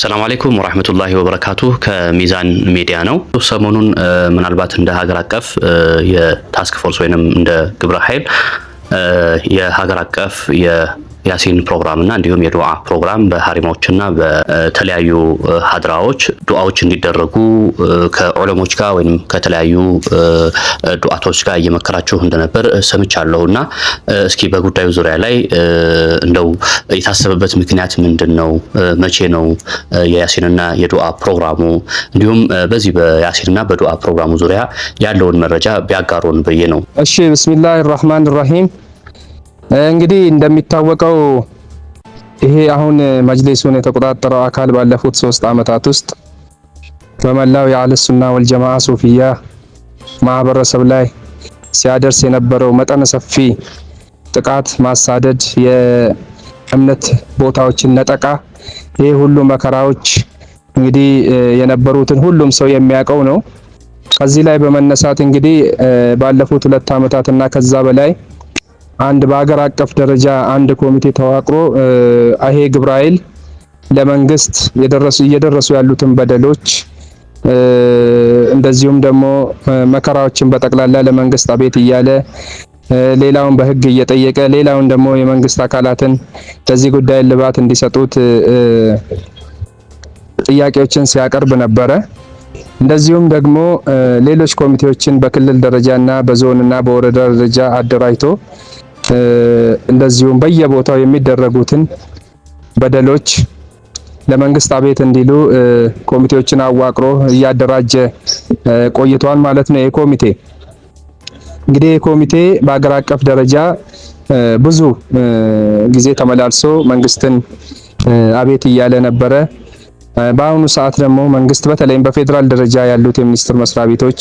አሰላሙ አሌይኩም ወራህመቱላሂ ወበረካቱ። ከሚዛን ሚዲያ ነው። ሰሞኑን ምናልባት እንደ ሀገር አቀፍ የታስክ ፎርስ ወይንም እንደ ግብረ ኃይል የሀገር አቀፍ ያሲን ፕሮግራምና እንዲሁም የዱዓ ፕሮግራም በሀሪሞችና በተለያዩ ሀድራዎች ዱዓዎች እንዲደረጉ ከዑለሞች ጋር ወይም ከተለያዩ ዱዓቶች ጋር እየመከራችሁ እንደነበር ሰምቻለሁ እና እስኪ በጉዳዩ ዙሪያ ላይ እንደው የታሰበበት ምክንያት ምንድን ነው? መቼ ነው የያሲንና የዱዓ ፕሮግራሙ? እንዲሁም በዚህ በያሲንና በዱዓ ፕሮግራሙ ዙሪያ ያለውን መረጃ ቢያጋሩን ብዬ ነው። እሺ ብስሚላህ ራህማን ራሂም እንግዲህ እንደሚታወቀው ይሄ አሁን መጅሊሱን የተቆጣጠረው አካል ባለፉት ሶስት አመታት ውስጥ በመላው የአህለ ሱና ወልጀማዓ ሱፊያ ማህበረሰብ ላይ ሲያደርስ የነበረው መጠነ ሰፊ ጥቃት፣ ማሳደድ፣ የእምነት ቦታዎችን ነጠቃ፣ ይህ ሁሉ መከራዎች እንግዲህ የነበሩትን ሁሉም ሰው የሚያውቀው ነው። ከዚህ ላይ በመነሳት እንግዲህ ባለፉት ሁለት እና ከዛ በላይ አንድ በሀገር አቀፍ ደረጃ አንድ ኮሚቴ ተዋቅሮ አሄ ግብራኤል ለመንግስት ለመንግስት እየደረሱ ያሉትን በደሎች እንደዚሁም ደግሞ መከራዎችን በጠቅላላ ለመንግስት አቤት እያለ ሌላውን በህግ እየጠየቀ ሌላውን ደግሞ የመንግስት አካላትን ለዚህ ጉዳይ ልባት እንዲሰጡት ጥያቄዎችን ሲያቀርብ ነበረ። እንደዚሁም ደግሞ ሌሎች ኮሚቴዎችን በክልል ደረጃና በዞንና በወረዳ ደረጃ አደራጅቶ እንደዚሁም በየቦታው የሚደረጉትን በደሎች ለመንግስት አቤት እንዲሉ ኮሚቴዎችን አዋቅሮ እያደራጀ ቆይቷል ማለት ነው። የኮሚቴ እንግዲህ የኮሚቴ በሀገር አቀፍ ደረጃ ብዙ ጊዜ ተመላልሶ መንግስትን አቤት እያለ ነበረ። በአሁኑ ሰዓት ደግሞ መንግስት በተለይም በፌዴራል ደረጃ ያሉት የሚኒስትር መስሪያ ቤቶች፣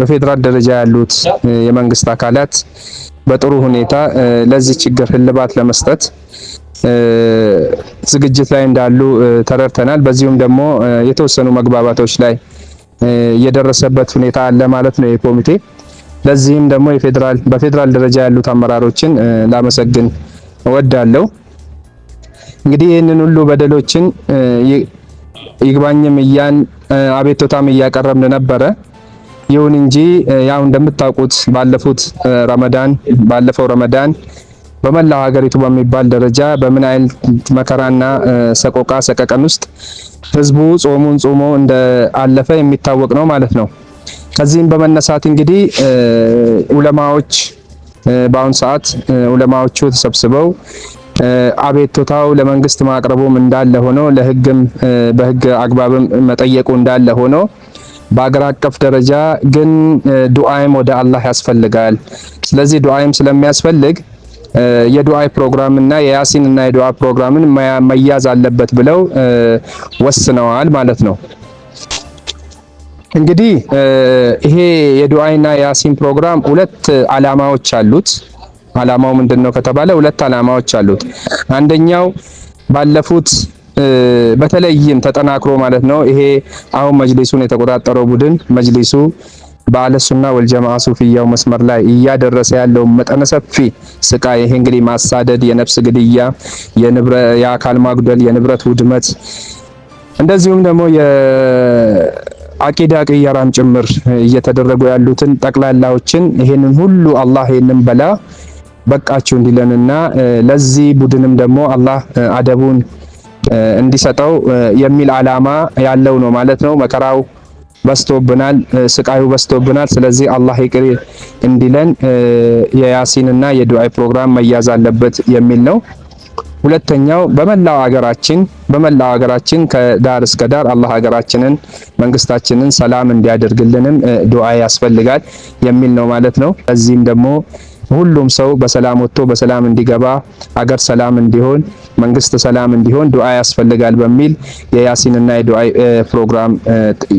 በፌዴራል ደረጃ ያሉት የመንግስት አካላት በጥሩ ሁኔታ ለዚህ ችግር ህልባት ለመስጠት ዝግጅት ላይ እንዳሉ ተረድተናል። በዚሁም ደግሞ የተወሰኑ መግባባቶች ላይ የደረሰበት ሁኔታ አለ ማለት ነው የኮሚቴ ለዚህም ደግሞ የፌዴራል በፌዴራል ደረጃ ያሉት አመራሮችን ላመሰግን እወዳለሁ። እንግዲህ ይህንን ሁሉ በደሎችን ይግባኝም እያን አቤቶታም እያቀረብን ነበረ። ይሁን እንጂ ያው እንደምታውቁት ባለፉት ረመዳን ባለፈው ረመዳን በመላው ሀገሪቱ በሚባል ደረጃ በምን አይነት መከራና ሰቆቃ ሰቀቀን ውስጥ ህዝቡ ጾሙን ጾሞ እንደ አለፈ የሚታወቅ ነው ማለት ነው። ከዚህም በመነሳት እንግዲህ ዑለማዎች በአሁን ሰዓት ዑለማዎቹ ተሰብስበው አቤቱታው ለመንግስት ማቅረቡም እንዳለ ሆኖ ለህግም በህግ አግባብም መጠየቁ እንዳለ ሆኖ በአገር አቀፍ ደረጃ ግን ዱዓይም ወደ አላህ ያስፈልጋል። ስለዚህ ዱዓይም ስለሚያስፈልግ የዱዓይ ፕሮግራምና እና የያሲን እና የዱዓ ፕሮግራምን መያዝ አለበት ብለው ወስነዋል ማለት ነው። እንግዲህ ይሄ የዱዓይና የያሲን ፕሮግራም ሁለት አላማዎች አሉት። አላማው ምንድነው ከተባለ ሁለት አላማዎች አሉት። አንደኛው ባለፉት በተለይም ተጠናክሮ ማለት ነው ይሄ አሁን መጅሊሱን የተቆጣጠረው ቡድን መጅሊሱ በአለ ሱና ወልጀማዓ ሱፊያው መስመር ላይ እያደረሰ ያለው መጠነ ሰፊ ስቃይ ይሄ እንግዲህ ማሳደድ፣ የነፍስ ግድያ፣ የአካል ማጉደል፣ የንብረት ውድመት እንደዚሁም ደግሞ አቂዳ ቅያራም ጭምር እየተደረጉ ያሉትን ጠቅላላዎችን ይሄንን ሁሉ አላህ ይሄንን በላ በቃችሁ እንዲለንና ለዚህ ቡድንም ደግሞ አላህ አደቡን እንዲሰጠው የሚል አላማ ያለው ነው ማለት ነው። መከራው በስቶብናል፣ ስቃዩ በስቶብናል። ስለዚህ አላህ ይቅር እንዲለን የያሲንና የዱዓይ ፕሮግራም መያዝ አለበት የሚል ነው። ሁለተኛው በመላው ሀገራችን በመላው ሀገራችን ከዳር እስከ ዳር አላህ ሀገራችንን መንግስታችንን ሰላም እንዲያደርግልንም ዱዓ ያስፈልጋል የሚል ነው ማለት ነው። እዚህም ደግሞ ሁሉም ሰው በሰላም ወጥቶ በሰላም እንዲገባ አገር ሰላም እንዲሆን መንግስት ሰላም እንዲሆን ዱዓ ያስፈልጋል በሚል የያሲንና የዱዓ ፕሮግራም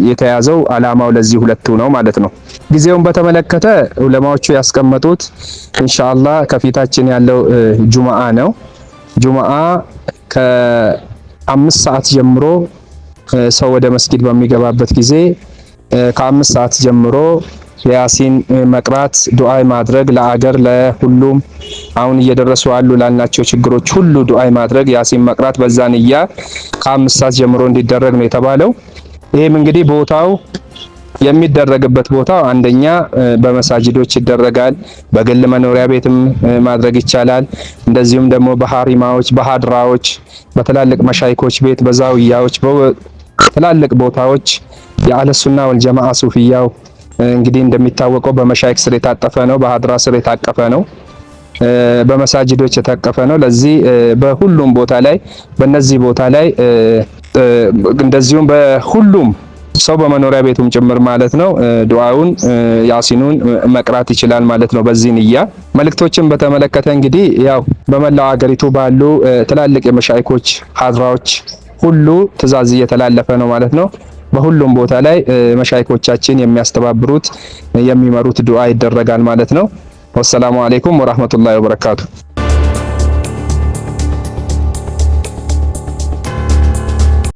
የተያዘው አላማው ለዚህ ሁለቱ ነው ማለት ነው። ጊዜውን በተመለከተ ዑለማዎቹ ያስቀመጡት ኢንሻአላህ ከፊታችን ያለው ጁማአ ነው። ጁማአ ከአምስት ሰዓት ጀምሮ ሰው ወደ መስጊድ በሚገባበት ጊዜ ከአምስት ሰዓት ጀምሮ ያሲን መቅራት ዱአይ ማድረግ ለአገር ለሁሉም አሁን እየደረሱ አሉ ላልናቸው ችግሮች ሁሉ ዱአይ ማድረግ ያሲን መቅራት በዛን እያ ከአምስት ሰዓት ጀምሮ እንዲደረግ ነው የተባለው። ይህም እንግዲህ ቦታው የሚደረግበት ቦታ አንደኛ በመሳጅዶች ይደረጋል። በግል መኖሪያ ቤትም ማድረግ ይቻላል። እንደዚሁም ደግሞ በሀሪማዎች፣ በሀድራዎች፣ በትላልቅ መሻይኮች ቤት፣ በዛውያዎች፣ ትላልቅ ቦታዎች የአህለሱና ወልጀማዓ ሱፊያው እንግዲህ እንደሚታወቀው በመሻይክ ስር የታጠፈ ነው። በሀድራ ስር የታቀፈ ነው። በመሳጅዶች የታቀፈ ነው። ለዚህ በሁሉም ቦታ ላይ በነዚህ ቦታ ላይ እንደዚሁም በሁሉም ሰው በመኖሪያ ቤቱም ጭምር ማለት ነው። ዱዓውን ያሲኑን መቅራት ይችላል ማለት ነው። በዚህ ንያ መልእክቶችን በተመለከተ እንግዲህ ያው በመላው ሀገሪቱ ባሉ ትላልቅ የመሻይኮች ሀድራዎች ሁሉ ትዕዛዝ እየተላለፈ ነው ማለት ነው። በሁሉም ቦታ ላይ መሻይኮቻችን የሚያስተባብሩት የሚመሩት ዱዓ ይደረጋል ማለት ነው። ወሰላሙ አሌይኩም ወራህመቱላሂ ወበረካቱ